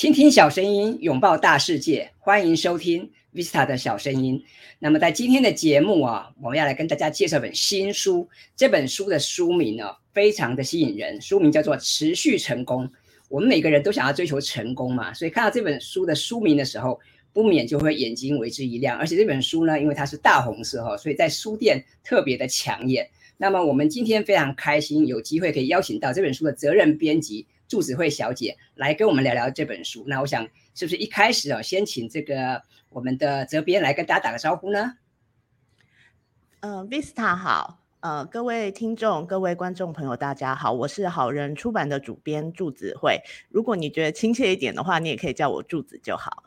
傾聽小聲音，擁抱大世界，歡迎收聽 Vista 的小聲音。那麼在今天的節目啊，我們要來跟大家介紹一本新書。這本書的書名呢，非常的吸引人，書名叫做《持續成功》。我們每個人都想要追求成功嘛，所以看到這本書的書名的時候，不免就會眼睛為之一亮。而且這本書呢，因為它是大紅色哈，所以在書店特別的搶眼。那麼我們今天非常開心，有機會可以邀請到這本書的責任編輯。祝子慧小姐來跟我們聊聊這本書。那我想，是不是一開始哦，先請這個我們的責編來跟大家打個招呼呢？呃、uh,，Vista 好，呃、uh,，各位聽眾、各位觀眾朋友，大家好，我是好人出版的主編祝子慧。如果你覺得親切一點的話，你也可以叫我柱子就好。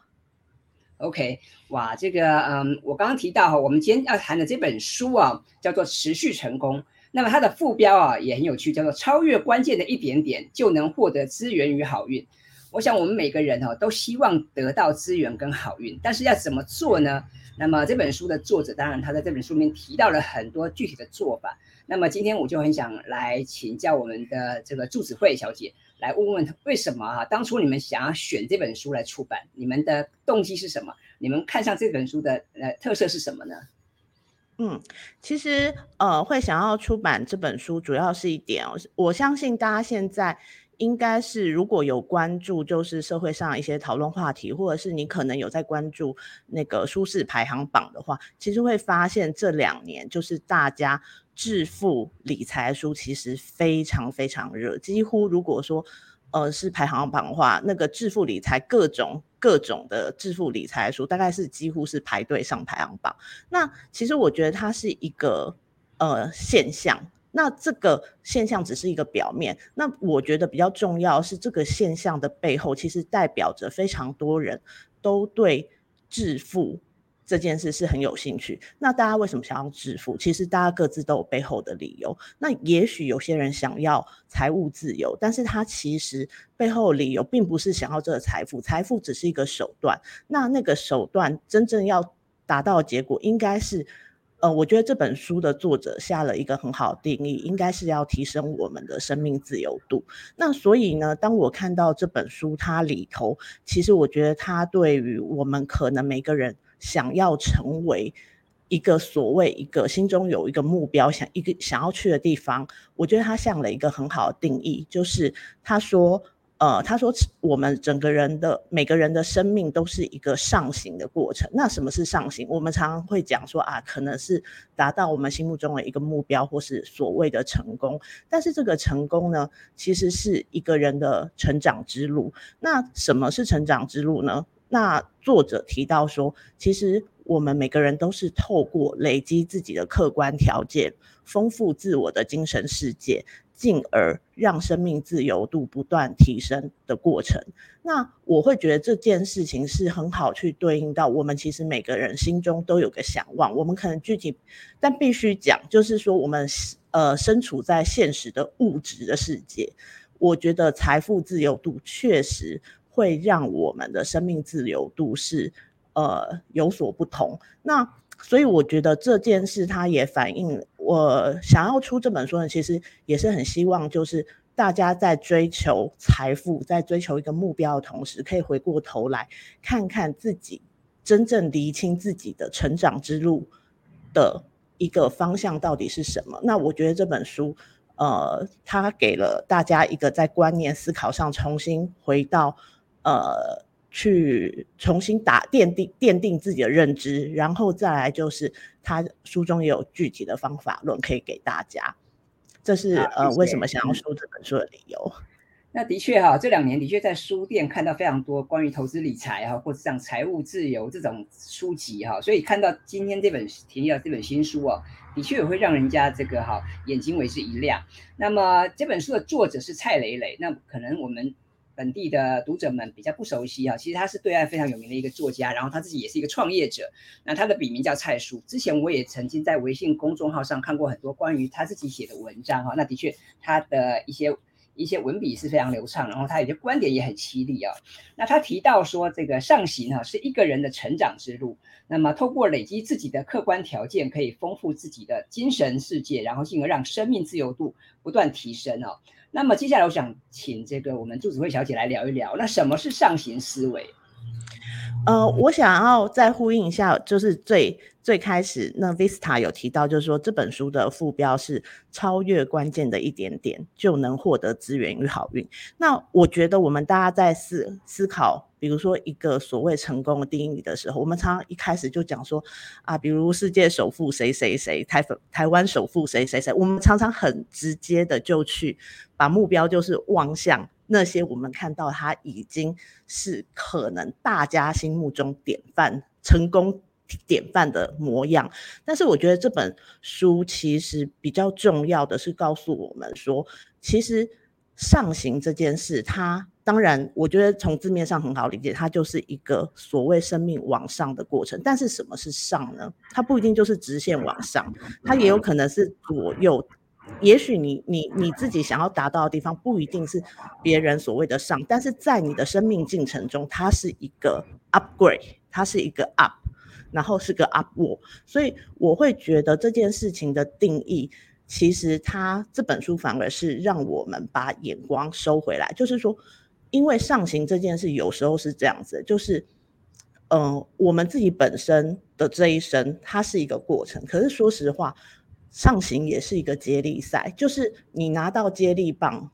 OK，哇，這個，嗯、um,，我剛剛提到哈、哦，我們今天要談的這本書哦、啊，叫做《持續成功》。那麼它的副標啊也很有趣，叫做“超越關鍵的一點點，就能獲得資源與好運”。我想我們每個人哦，都希望得到資源跟好運，但是要怎麼做呢？那麼這本書的作者，當然他在這本書裡面提到了很多具體的做法。那麼今天我就很想來請教我們的這個祝子慧小姐，來問問為什麼哈，啊，當初你們想要選這本書來出版，你們的動機是什麼？你們看上這本書的呃特色是什麼呢？嗯，其實呃，會想要出版這本書，主要是一點哦，我相信大家現在應該是，如果有關注，就是社會上一些討論話題，或者是你可能有在關注那個書市排行榜的話，其實會發現這兩年就是大家致富理財的書其實非常非常熱，幾乎如果說。呃，是排行榜的話，那個致富理財各種各種的致富理財書，大概是幾乎是排隊上排行榜。那其實我覺得它是一個呃現象，那這個現象只是一個表面。那我覺得比較重要是這個現象的背後，其實代表着非常多人都對致富。這件事是很有興趣。那大家為什麼想要致富？其實大家各自都有背後的理由。那也許有些人想要財務自由，但是他其實背後理由並不是想要這個財富，財富只是一個手段。那那個手段真正要達到的結果，應該是，呃，我覺得這本書的作者下了一個很好的定義，應該是要提升我們的生命自由度。那所以呢，當我看到這本書，它裡頭，其實我覺得它對於我們可能每個人，想要成為一個所謂一個心中有一個目標，想一個想要去的地方，我覺得他下了一個很好的定義，就是他說，呃，他說我們整個人的每個人的生命都是一個上行的過程。那什麼是上行？我們常常會講說啊，可能是達到我們心目中的一個目標，或是所謂的成功。但是這個成功呢，其實是一個人的成長之路。那什麼是成長之路呢？那作者提到說，其實我們每個人都是透過累積自己的客觀條件，豐富自我的精神世界，進而讓生命自由度不斷提升的過程。那我會覺得這件事情是很好去對應到我們，其實每個人心中都有個嚮往，我們可能具體，但必須講就是說，我們呃身處在現實的物質的世界，我覺得財富自由度確實。會讓我們的生命自由度是呃有所不同。那所以我覺得這件事它也反映我想要出這本書呢，其實也是很希望就是大家在追求財富、在追求一個目標的同時，可以回過頭來看看自己真正理清自己的成長之路的一個方向到底是什麼。那我覺得這本書呃，它給了大家一個在觀念思考上重新回到。呃，去重新打奠定奠定自己的認知，然後再來就是他書中也有具體的方法論可以給大家。這是、啊就是、呃為什麼想要說這本書的理由。那的確哈、啊，這兩年的確在書店看到非常多關於投資理財哈、啊，或者像財務自由這種書籍哈、啊，所以看到今天這本提到這本新書啊，的確也會讓人家這個哈、啊、眼睛為之一亮。那麼這本書的作者是蔡壘磊，那可能我們。本地的讀者們比較不熟悉啊、哦，其實他是對岸非常有名的一個作家，然後他自己也是一個創業者。那他的筆名叫蔡叔，之前我也曾經在微信公眾號上看過很多關於他自己寫的文章哈、哦。那的確，他的一些一些文筆是非常流暢，然後他有些觀點也很犀利啊。那他提到說，這個上行哈、啊，是一個人的成長之路，那麼透過累積自己的客觀條件，可以豐富自己的精神世界，然後進而讓生命自由度不斷提升哦。那麼接下來，我想請這個我們祝子慧小姐來聊一聊，那什麼是上行思維？呃，我想要再呼應一下，就是最最開始那 Vista 有提到，就是說，這本書的副標是超越關鍵的一點點就能獲得資源與好運。那我覺得我們大家在思思考，比如說一個所謂成功的定義的時候，我們常常一開始就講說啊，比如世界首富誰誰誰，台台灣首富誰誰誰，我們常常很直接的就去把目標就是望向。那些我們看到它，已經是可能大家心目中典範、成功典範的模樣，但是我覺得這本書其實比較重要的是告訴我們說，其實上行這件事，它當然我覺得從字面上很好理解，它就是一個所謂生命往上的過程。但是什麼是上呢？它不一定就是直線往上，它也有可能是左右。也許你你你自己想要達到的地方不一定是別人所謂的上，但是在你的生命進程中，它是一個 upgrade，它是一個 up，然後是個 upward。所以我會覺得這件事情的定義，其實它這本書反而是讓我們把眼光收回來，就是說，因為上行這件事有時候是這樣子，就是嗯、呃，我們自己本身的這一生，它是一個過程。可是說實話。上行也是一個接力賽，就是你拿到接力棒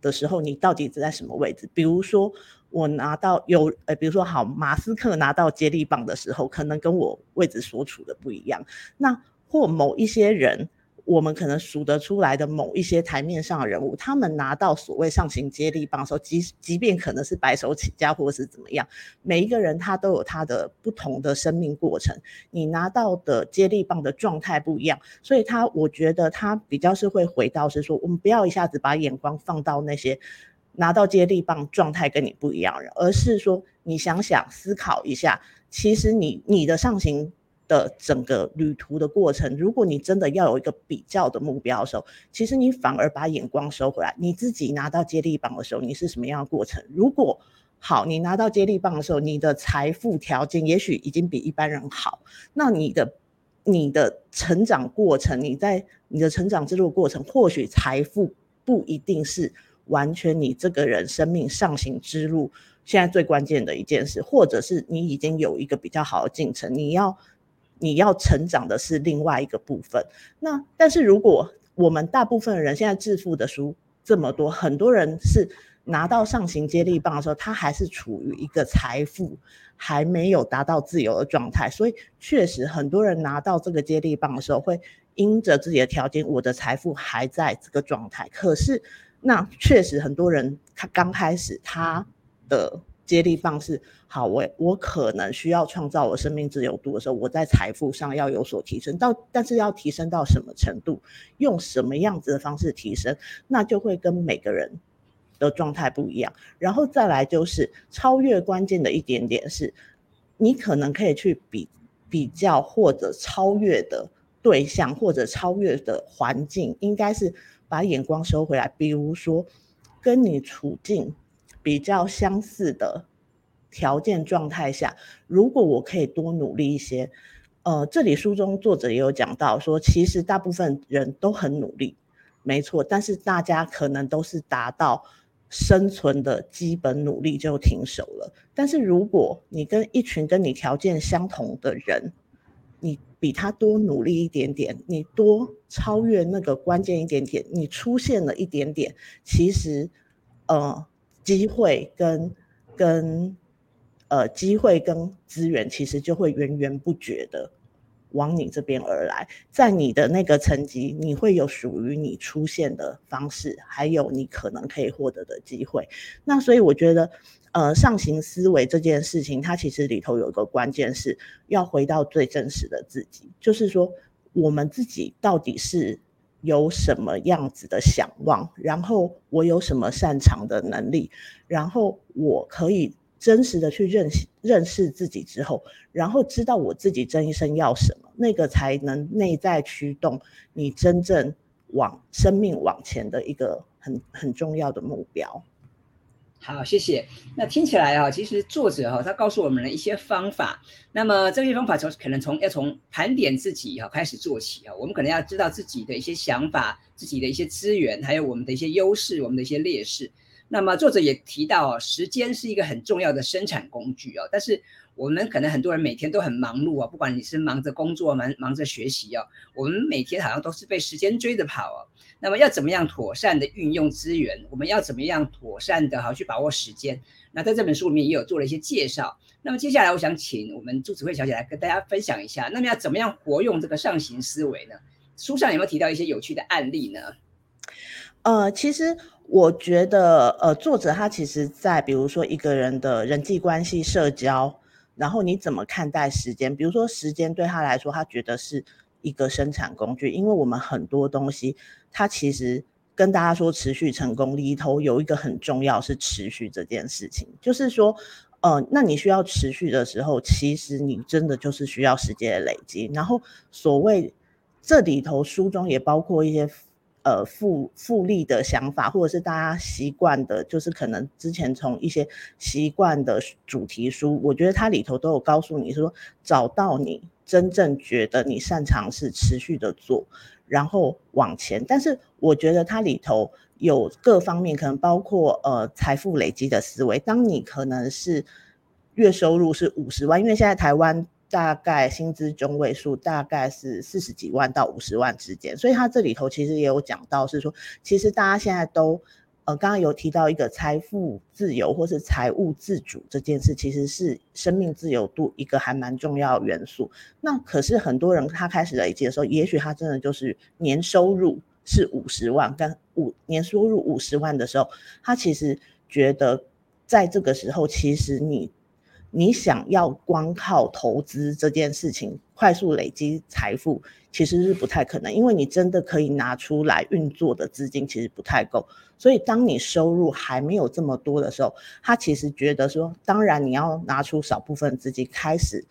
的時候，你到底在什麼位置？比如說，我拿到有，哎、呃，比如說好，馬斯克拿到接力棒的時候，可能跟我位置所處的不一樣。那或某一些人。我們可能數得出來的某一些台面上的人物，他們拿到所謂上行接力棒的時候，即即便可能是白手起家或是怎麼樣，每一個人他都有他的不同的生命過程，你拿到的接力棒的狀態不一樣，所以他我覺得他比較是會回到是說，我們不要一下子把眼光放到那些拿到接力棒狀態跟你不一樣的人，而是說你想想思考一下，其實你你的上行。的整個旅途的過程，如果你真的要有一個比較的目標的時候，其實你反而把眼光收回來。你自己拿到接力棒的時候，你是什麼樣的過程？如果好，你拿到接力棒的時候，你的財富條件也許已經比一般人好，那你的你的成長過程，你在你的成長之路過程，或許財富不一定是完全你這個人生命上行之路，現在最關鍵的一件事，或者是你已經有一個比較好的進程，你要。你要成長的是另外一個部分。那但是如果我們大部分的人現在致富的書這麼多，很多人是拿到上行接力棒的時候，他還是處於一個財富還沒有達到自由的狀態。所以確實很多人拿到這個接力棒的時候，會因着自己的條件，我的財富還在這個狀態。可是那確實很多人他剛開始他的。接力棒是好，我我可能需要創造我生命自由度的時候，我在財富上要有所提升到，到但是要提升到什麼程度，用什麼樣子的方式提升，那就會跟每個人的狀態不一樣。然後再來就是超越關鍵的一點點是，是你可能可以去比比較或者超越的對象或者超越的環境，應該是把眼光收回來，比如說跟你處境。比較相似的條件狀態下，如果我可以多努力一些，呃，這裡書中作者也有講到說，其實大部分人都很努力，沒錯，但是大家可能都是達到生存的基本努力就停手了。但是如果你跟一群跟你條件相同的人，你比他多努力一點點，你多超越那個關鍵一點點，你出現了一點點，其實，呃。機會跟跟呃，機會跟資源其實就會源源不絕的往你這邊而來，在你的那個層級，你會有屬於你出現的方式，還有你可能可以獲得的機會。那所以我覺得，呃，上行思維這件事情，它其實裡頭有一個關鍵是要回到最真實的自己，就是說我們自己到底是。有什麼樣子的想望，然後我有什麼擅長的能力？然後我可以真實的去認識認識自己之後，然後知道我自己這一生要什麼，那個才能內在驅動你真正往生命往前的一個很很重要的目標。好，謝謝。那聽起來啊，其實作者哈啊，他告訴我們了一些方法。那麼這些方法從可能從要從盤點自己啊開始做起啊。我們可能要知道自己的一些想法，自己的一些資源，還有我們的一些優勢，我們的一些劣勢。那麼作者也提到啊，時間是一個很重要的生產工具啊，但是。我們可能很多人每天都很忙碌啊，不管你是忙着工作、忙忙着學習啊，我們每天好像都是被時間追着跑啊。那麼要怎麼樣妥善的運用資源？我們要怎麼樣妥善的好去把握時間？那在這本書裡面也有做了一些介紹。那麼接下來我想請我們祝子慧小姐來跟大家分享一下。那麼要怎麼樣活用這個上行思維呢？書上有沒有提到一些有趣的案例呢？呃，其實我覺得，呃，作者他其實在，在比如說一個人的人際關係、社交。然後你怎麼看待時間？比如說，時間對他來說，他覺得是一個生產工具。因為我們很多東西，他其實跟大家說持續成功裡頭有一個很重要，是持續這件事情，就是說，呃，那你需要持續的時候，其實你真的就是需要時間的累積。然後，所謂這裡頭書中也包括一些。呃，複複利的想法，或者是大家習慣的，就是可能之前從一些習慣的主題書，我覺得它裡頭都有告訴你說，找到你真正覺得你擅長是持續的做，然後往前。但是我覺得它裡頭有各方面，可能包括呃財富累積的思維。當你可能是月收入是五十萬，因為現在台灣，大概薪資中位數大概是四十幾萬到五十萬之間，所以他這裡頭其實也有講到，是說其實大家現在都，呃，剛剛有提到一個財富自由或是財務自主這件事，其實是生命自由度一個還蠻重要的元素。那可是很多人他開始累積的時候，也許他真的就是年收入是五十萬，跟五年收入五十萬的時候，他其實覺得在這個時候，其實你。你想要光靠投資這件事情快速累積財富，其實是不太可能，因為你真的可以拿出來運作的資金其實不太夠。所以，當你收入還沒有這麼多的時候，他其實覺得說，當然你要拿出少部分資金開始。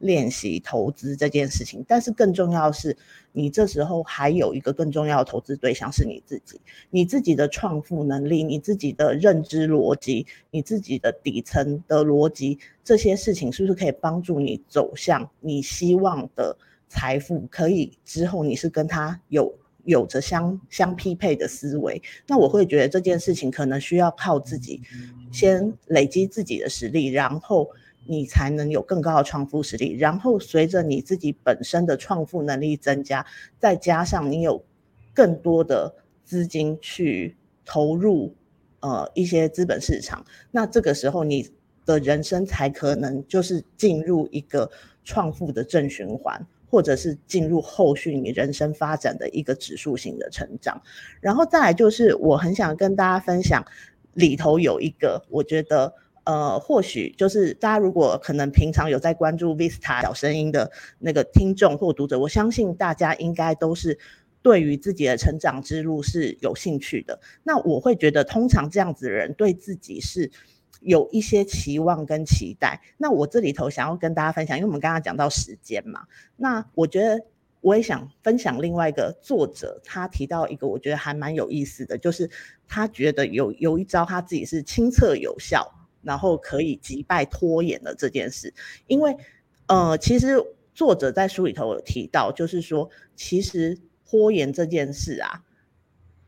練習投資這件事情，但是更重要的是，你這時候還有一個更重要的投資對象是你自己，你自己的創富能力，你自己的認知邏輯，你自己的底層的邏輯，這些事情是不是可以幫助你走向你希望的財富？可以之後你是跟他有有着相相匹配的思維，那我會覺得這件事情可能需要靠自己，先累積自己的實力，然後。你才能有更高的創富實力，然後隨着你自己本身的創富能力增加，再加上你有更多的資金去投入，呃，一些資本市場，那這個時候你的人生才可能就是進入一個創富的正循環，或者是進入後續你人生發展的一個指數型的成長。然後再來就是，我很想跟大家分享裡頭有一個，我覺得。呃，或許就是大家如果可能平常有在關注《Vista 小聲音》的那個聽眾或讀者，我相信大家應該都是對於自己的成長之路是有興趣的。那我會覺得，通常這樣子的人對自己是有一些期望跟期待。那我這裡頭想要跟大家分享，因為我們剛剛講到時間嘛，那我覺得我也想分享另外一個作者，他提到一個我覺得還蠻有意思的，就是他覺得有有一招他自己是親測有效。然後可以擊敗拖延的這件事，因為，呃，其實作者在書裡頭有提到，就是說，其實拖延這件事啊，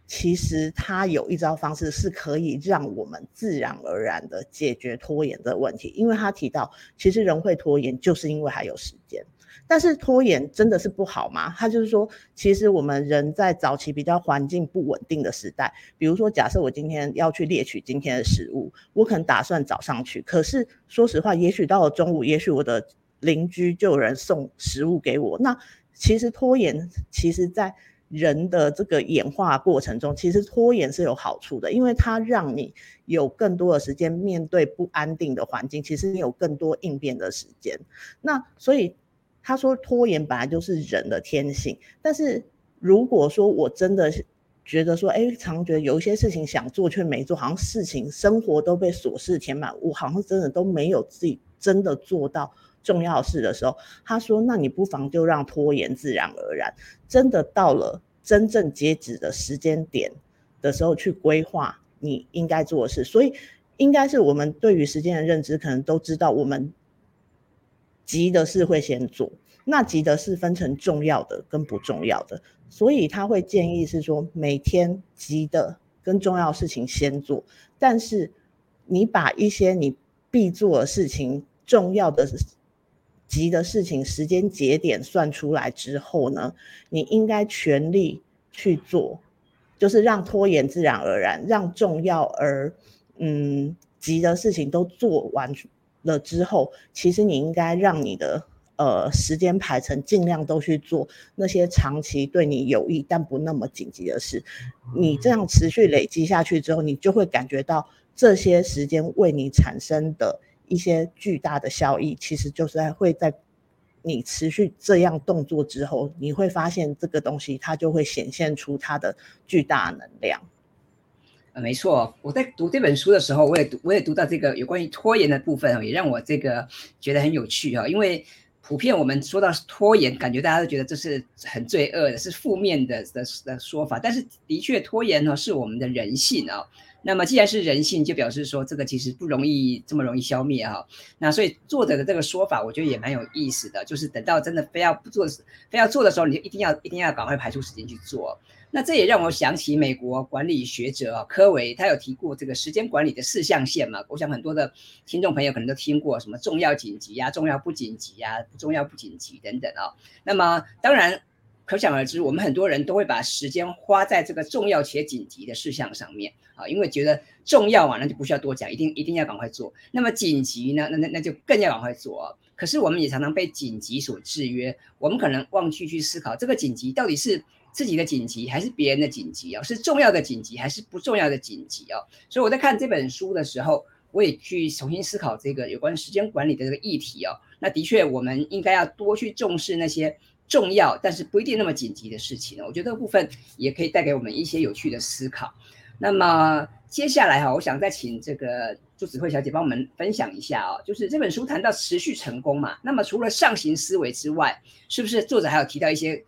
其實他有一招方式是可以讓我們自然而然的解決拖延的問題，因為他提到，其實人會拖延，就是因為還有時間。但是拖延真的是不好嗎？他就是說，其實我們人在早期比較環境不穩定的時代，比如說，假設我今天要去獵取今天的食物，我可能打算早上去，可是說實話，也許到了中午，也許我的鄰居就有人送食物給我。那其實拖延，其實，在人的這個演化過程中，其實拖延是有好處的，因為它讓你有更多的時間面對不安定的環境，其實你有更多應變的時間。那所以。他說拖延本來就是人的天性，但是如果說我真的是覺得說，哎、欸，常覺得有一些事情想做卻沒做，好像事情、生活都被瑣事填滿，我好像真的都沒有自己真的做到重要事的時候，他說，那你不妨就讓拖延自然而然，真的到了真正截止的時間點的時候去規劃你應該做的事。所以應該是我們對於時間的認知，可能都知道我們。急的事會先做，那急的事分成重要的跟不重要的，所以他會建議是說，每天急的跟重要事情先做，但是你把一些你必做的事情、重要的、急的事情時間節點算出來之後呢，你應該全力去做，就是讓拖延自然而然，讓重要而嗯急的事情都做完。了之後，其實你應該讓你的呃時間排程盡量都去做那些長期對你有益但不那麼緊急的事。你這樣持續累積下去之後，你就會感覺到這些時間為你產生的一些巨大的效益，其實就是會在你持續這樣動作之後，你會發現這個東西它就會顯現出它的巨大的能量。啊，沒錯，我在讀這本書的時候，我也讀，我也讀到這個有關於拖延的部分，也讓我這個覺得很有趣啊。因為普遍我們說到拖延，感覺大家都覺得這是很罪惡的，是負面的的的說法。但是的確，拖延呢是我們的人性啊。那麼既然是人性，就表示說這個其實不容易這麼容易消滅哈。那所以作者的這個說法，我覺得也蠻有意思的，就是等到真的非要不做，非要做的時候，你就一定要，一定要趕快排出時間去做。那這也讓我想起美國管理學者、啊、柯維，他有提過這個時間管理的四象限嘛，我想很多的聽眾朋友可能都聽過什麼重要緊急呀、啊、重要不緊急呀、啊、重要不緊急等等啊。那麼當然可想而知，我們很多人都會把時間花在這個重要且緊急的事項上面啊，因為覺得重要啊，那就不需要多講，一定一定要趕快做。那麼緊急呢？那那那就更要趕快做、哦。可是我們也常常被緊急所制約，我們可能忘去去思考這個緊急到底是自己的緊急還是別人的緊急哦，是重要的緊急還是不重要的緊急哦，所以我在看這本書的時候，我也去重新思考這個有關時間管理的這個議題哦。那的確，我們應該要多去重視那些重要但是不一定那麼緊急的事情、哦。我覺得這部分也可以帶給我們一些有趣的思考。那麼接下來哈、哦，我想再請這個祝子慧小姐幫我們分享一下啊、哦，就是這本書談到持續成功嘛，那麼除了上行思維之外，是不是作者還有提到一些？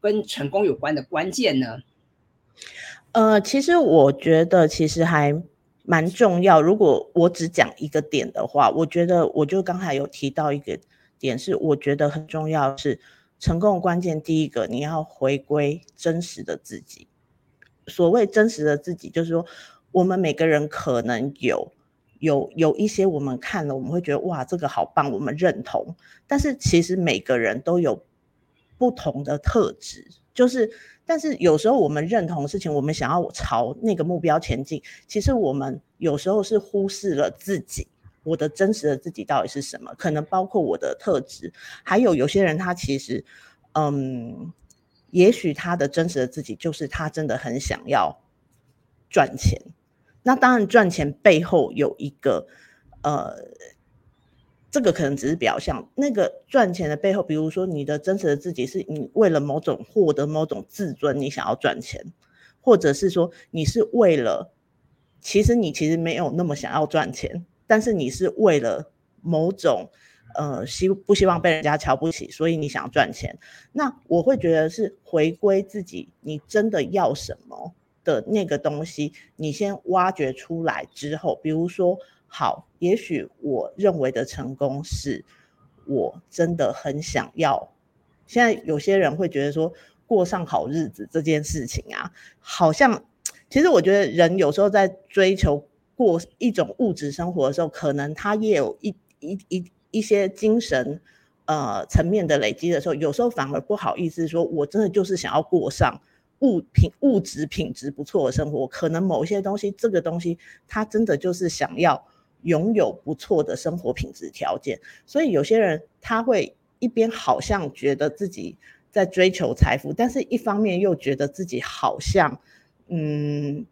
跟成功有關的關鍵呢？呃，其實我覺得其實還蠻重要。如果我只講一個點的話，我覺得我就剛才有提到一個點是，我覺得很重要的是成功的關鍵。第一個，你要回歸真實的自己。所謂真實的自己，就是說我們每個人可能有有有一些我們看了我們會覺得哇，這個好棒，我們認同。但是其實每個人都有。不同的特質，就是，但是有時候我們認同的事情，我們想要朝那個目標前進，其實我們有時候是忽視了自己，我的真實的自己到底是什麼？可能包括我的特質，還有有些人他其實，嗯，也許他的真實的自己就是他真的很想要賺錢，那當然賺錢背後有一個，呃。這個可能只是表象，那個賺錢的背後，比如說你的真實的自己是你為了某種獲得某種自尊，你想要賺錢，或者是說你是為了，其實你其實沒有那麼想要賺錢，但是你是為了某種呃希不希望被人家瞧不起，所以你想要賺錢。那我會覺得是回歸自己，你真的要什麼的那個東西，你先挖掘出來之後，比如說。好，也許我認為的成功是，我真的很想要。現在有些人會覺得說，過上好日子這件事情啊，好像其實我覺得人有時候在追求過一種物質生活的時候，可能他也有一一一一一些精神呃層面的累積的時候，有時候反而不好意思說，我真的就是想要過上物品物質品質不錯的生活。可能某些東西，這個東西它真的就是想要。擁有不錯的生活品質條件，所以有些人他會一邊好像覺得自己在追求財富，但是一方面又覺得自己好像，嗯，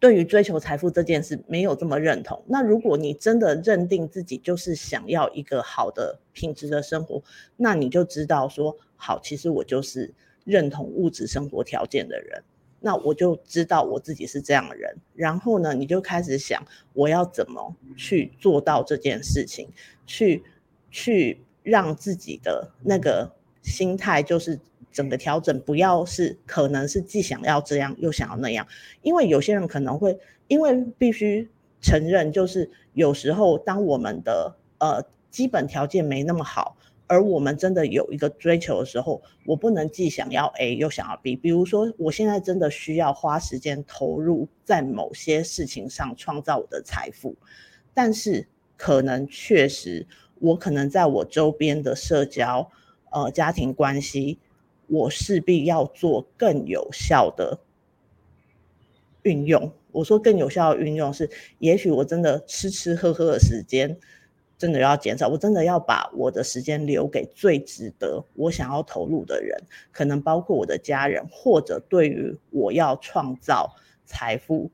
對於追求財富這件事沒有這麼認同。那如果你真的認定自己就是想要一個好的品質的生活，那你就知道說，好，其實我就是認同物質生活條件的人。那我就知道我自己是這樣的人，然後呢，你就開始想我要怎麼去做到這件事情，去去讓自己的那個心態就是整個調整，不要是可能是既想要這樣又想要那樣，因為有些人可能會，因為必須承認，就是有時候當我們的呃基本條件沒那麼好。而我們真的有一個追求的時候，我不能既想要 A 又想要 B。比如說，我現在真的需要花時間投入在某些事情上，創造我的財富，但是可能確實，我可能在我周邊的社交、呃家庭關係，我勢必要做更有效的運用。我說更有效的運用是，也許我真的吃吃喝喝的時間。真的要減少，我真的要把我的時間留給最值得我想要投入的人，可能包括我的家人，或者對於我要創造財富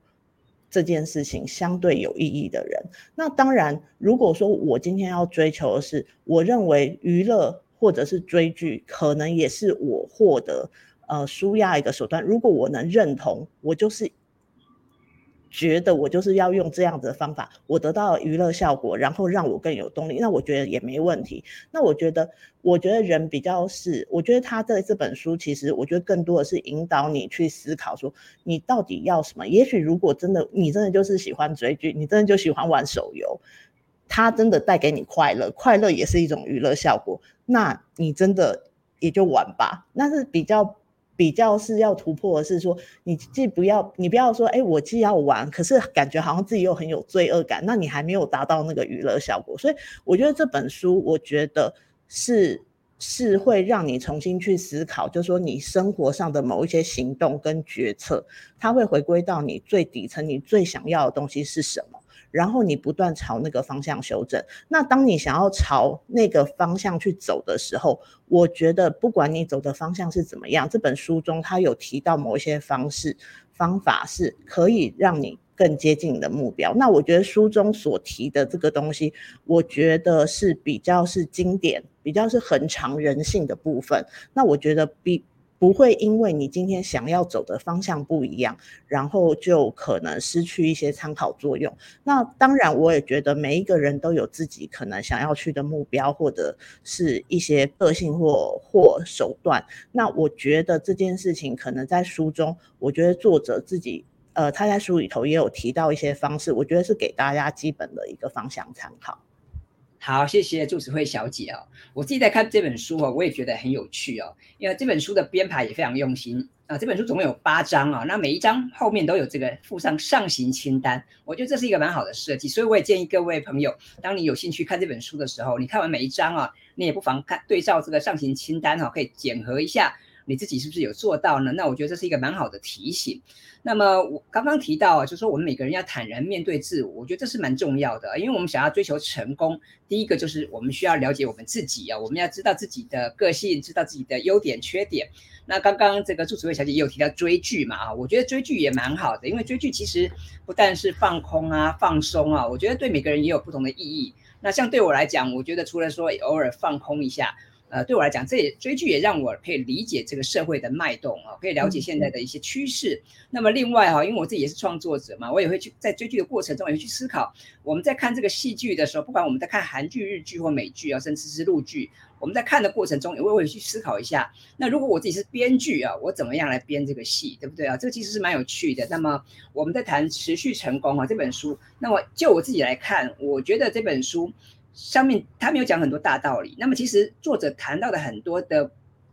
這件事情相對有意義的人。那當然，如果說我今天要追求的是，我認為娛樂或者是追劇，可能也是我獲得呃紓壓一個手段。如果我能認同，我就是。覺得我就是要用這樣子的方法，我得到了娛樂效果，然後讓我更有動力，那我覺得也沒問題。那我覺得，我覺得人比較是，我覺得他在這本書，其實我覺得更多的是引導你去思考說，說你到底要什麼。也許如果真的你真的就是喜歡追劇，你真的就喜歡玩手遊，它真的帶給你快樂，快樂也是一種娛樂效果，那你真的也就玩吧，那是比較。比較是要突破的是說，你既不要，你不要說，哎、欸，我既要玩，可是感覺好像自己又很有罪惡感，那你還沒有達到那個娛樂效果。所以我覺得這本書，我覺得是是會讓你重新去思考，就是說你生活上的某一些行動跟決策，它會回歸到你最底層，你最想要的東西是什麼。然後你不斷朝那個方向修正。那當你想要朝那個方向去走的時候，我覺得不管你走的方向是怎麼樣，這本書中他有提到某一些方式方法是可以讓你更接近你的目標。那我覺得書中所提的這個東西，我覺得是比較是經典，比較是很長人性的部分。那我覺得比。不會因為你今天想要走的方向不一樣，然後就可能失去一些參考作用。那當然，我也覺得每一個人都有自己可能想要去的目標，或者是一些個性或或手段。那我覺得這件事情可能在書中，我覺得作者自己，呃，他在書裡頭也有提到一些方式，我覺得是給大家基本的一個方向參考。好，謝謝祝子慧小姐哦。我自己在看這本書哦，我也覺得很有趣哦，因為這本書的編排也非常用心啊。這本書總共有八章啊，那每一章後面都有這個附上上行清單，我覺得這是一個蠻好的設計。所以我也建議各位朋友，當你有興趣看這本書的時候，你看完每一章啊，你也不妨看對照這個上行清單哈、啊，可以檢核一下。你自己是不是有做到呢？那我覺得這是一個蠻好的提醒。那麼我剛剛提到啊，就是說我們每個人要坦然面對自我，我覺得這是蠻重要的，因為我們想要追求成功，第一個就是我們需要了解我們自己啊，我們要知道自己的個性，知道自己的優點缺點。那剛剛這個祝子慧小姐也有提到追劇嘛啊，我覺得追劇也蠻好的，因為追劇其實不但是放空啊、放鬆啊，我覺得對每個人也有不同的意義。那像對我來講，我覺得除了說偶爾放空一下。呃，對我來講，這也追劇也讓我可以理解這個社會的脈動啊，可以了解現在的一些趨勢。嗯嗯。那麼另外哈、啊，因為我自己也是創作者嘛，我也會去在追劇的過程中也會去思考，我們在看這個戲劇的時候，不管我們在看韓劇、日劇或美劇啊，甚至是陸劇，我們在看的過程中也我也會去思考一下，那如果我自己是編劇啊，我怎麼樣來編這個戲，對不對啊？這個其實是蠻有趣的。那麼我們在談持續成功啊這本書，那麼就我自己來看，我覺得這本書。上面他沒有講很多大道理，那麼其實作者談到的很多的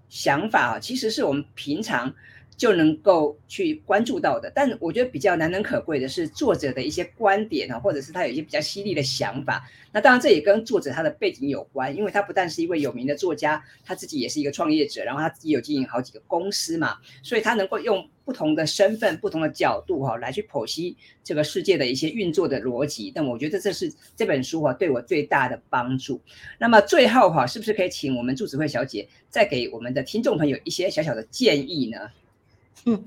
想法啊，其實是我們平常。就能夠去關注到的，但我覺得比較難能可貴的是作者的一些觀點啊，或者是他有一些比較犀利的想法。那當然，這也跟作者他的背景有關，因為他不但是一位有名的作家，他自己也是一個創業者，然後他自己有經營好幾個公司嘛，所以他能夠用不同的身份、不同的角度哈、啊、來去剖析這個世界的一些運作的邏輯。但我覺得這是這本書哈、啊、對我最大的幫助。那麼最後哈、啊，是不是可以請我們祝子慧小姐再給我們的聽眾朋友一些小小的建議呢？嗯，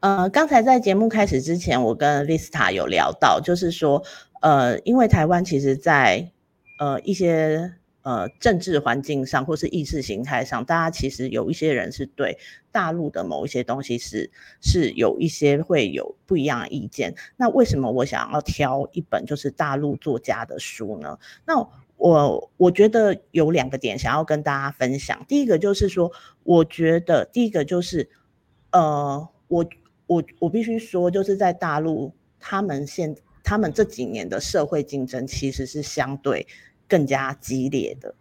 呃，剛才在節目開始之前，我跟 Vista 有聊到，就是說，呃，因為台灣其實在，在呃一些呃政治環境上，或是意識形態上，大家其實有一些人是對大陸的某一些東西是是有一些會有不一樣的意見。那為什麼我想要挑一本就是大陸作家的書呢？那我我覺得有兩個點想要跟大家分享。第一個就是說，我覺得第一個就是。呃，我我我必須說，就是在大陸，他們現他們這幾年的社會競爭其實是相對更加激烈的，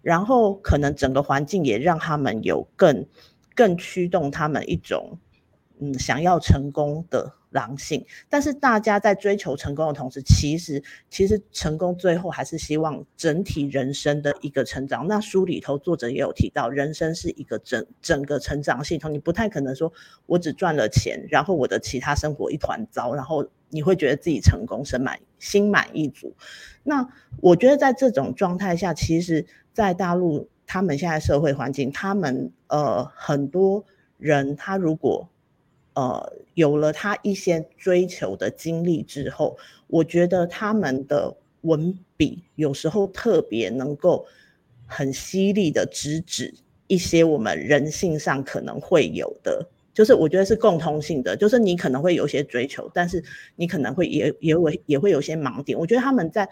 然後可能整個環境也讓他們有更更驅動他們一種嗯想要成功的。狼性。但是大家在追求成功的同時，其實其實成功最後還是希望整體人生的一個成長。那書裡頭作者也有提到，人生是一個整整個成長系統，你不太可能說我只賺了錢，然後我的其他生活一團糟，然後你會覺得自己成功，身滿心滿意足。那我覺得在這種狀態下，其實，在大陸他們現在社會環境，他們呃很多人他如果。呃，有了他一些追求的經歷之後，我覺得他們的文筆有時候特別能夠很犀利的直指一些我們人性上可能會有的，就是我覺得是共通性的，就是你可能會有些追求，但是你可能會也也會也會有些盲點。我覺得他們在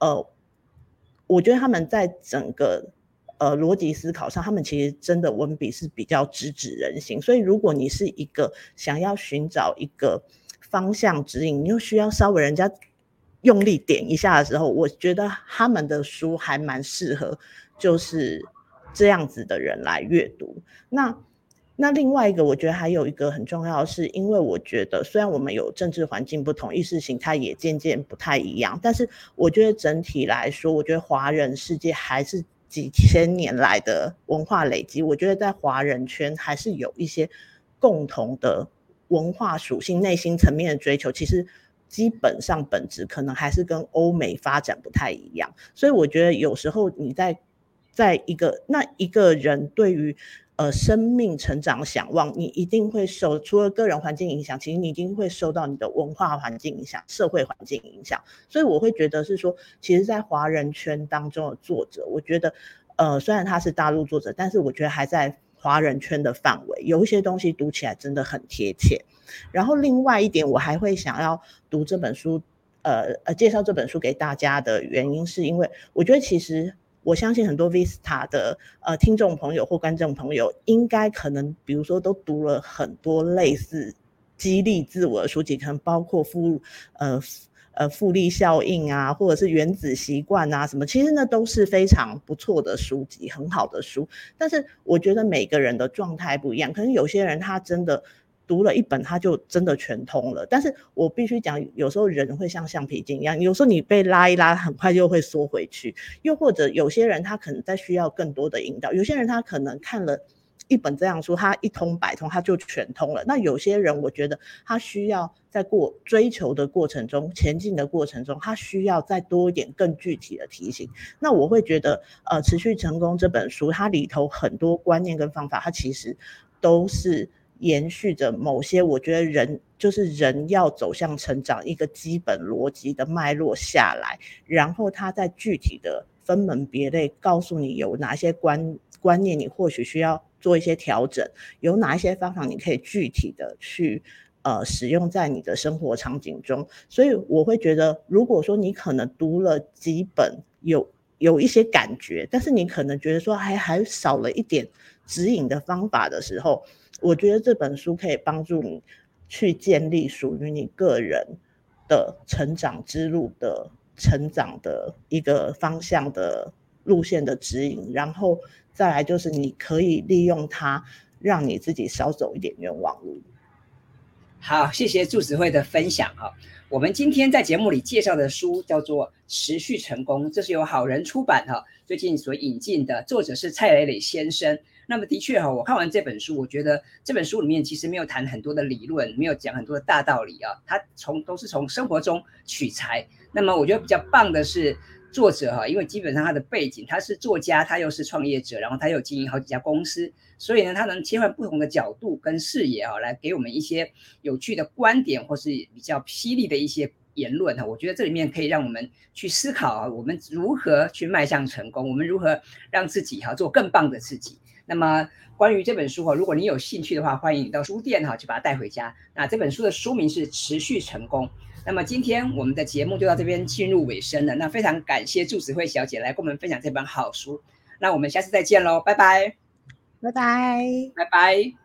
呃，我覺得他們在整個。呃，邏輯思考上，他們其實真的文筆是比較直指人心。所以，如果你是一個想要尋找一個方向指引，你又需要稍微人家用力點一下的時候，我覺得他們的書還蠻適合，就是這樣子的人來閱讀。那那另外一個，我覺得還有一個很重要的是，因為我覺得雖然我們有政治環境不同，意識形態也漸漸不太一樣，但是我覺得整體來說，我覺得華人世界還是。幾千年來的文化累積，我覺得在華人圈還是有一些共同的文化屬性、內心層面的追求。其實基本上本質可能還是跟歐美發展不太一樣，所以我覺得有時候你在在一個那一個人對於。呃，生命成長想望，你一定會受除了個人環境影響，其實你一定會受到你的文化環境影響、社會環境影響。所以我會覺得是說，其實，在華人圈當中的作者，我覺得，呃，雖然他是大陸作者，但是我覺得還在華人圈的範圍，有一些東西讀起來真的很貼切。然後，另外一點，我還會想要讀這本書，呃呃，介紹這本書給大家的原因，是因為我覺得其實。我相信，很多 Vista 的呃聽眾朋友或觀眾朋友，應該可能比如說都讀了很多類似激勵自我的書籍，可能包括複呃呃複利效應啊，或者是原子習慣啊什麼，其實那都是非常不錯的書籍，很好的書。但是我覺得每個人的狀態不一樣，可能有些人他真的。讀了一本，他就真的全通了。但是我必須講，有時候人會像橡皮筋一樣，有時候你被拉一拉，很快就會縮回去。又或者有些人他可能在需要更多的引導，有些人他可能看了一本這樣書，他一通百通，他就全通了。那有些人我覺得他需要在過追求的過程中、前進的過程中，他需要再多一點更具體的提醒。那我會覺得，呃，持續成功這本書，它裡頭很多觀念跟方法，它其實都是。延續着某些我覺得人就是人要走向成長一個基本邏輯的脈絡下來，然後它在具體的分門別類告訴你有哪些觀觀念，你或許需要做一些調整，有哪一些方法你可以具體的去呃使用在你的生活場景中。所以我會覺得，如果說你可能讀了幾本有有一些感覺，但是你可能覺得說還還少了一點指引的方法的時候，我覺得這本書可以幫助你去建立屬於你個人的成長之路的成長的一個方向的路線的指引，然後再來就是你可以利用它，讓你自己少走一點冤枉路。好，謝謝祝子慧的分享哈，我們今天在節目裡介紹的書叫做《持續成功》，這是由好人出版哈最近所引進的，作者是蔡壘磊先生。那麼的確哈，我看完這本書，我覺得這本書裡面其實沒有談很多的理論，沒有講很多的大道理啊。他從都是從生活中取材。那麼我覺得比較棒的是作者哈，因為基本上他的背景，他是作家，他又是創業者，然後他又經營好幾家公司，所以呢，他能切換不同的角度跟視野啊，來給我們一些有趣的觀點，或是比較犀利的一些言論哈。我覺得這裡面可以讓我們去思考啊，我們如何去邁向成功，我們如何讓自己哈做更棒的自己。那麼關於這本書哈、哦，如果你有興趣的話，歡迎你到書店哈就把它帶回家。那這本書的書名是《持續成功》。那麼今天我們的節目就到這邊進入尾聲了。那非常感謝祝子慧小姐來跟我們分享這本好書。那我們下次再見嘍，拜拜，拜拜，拜拜。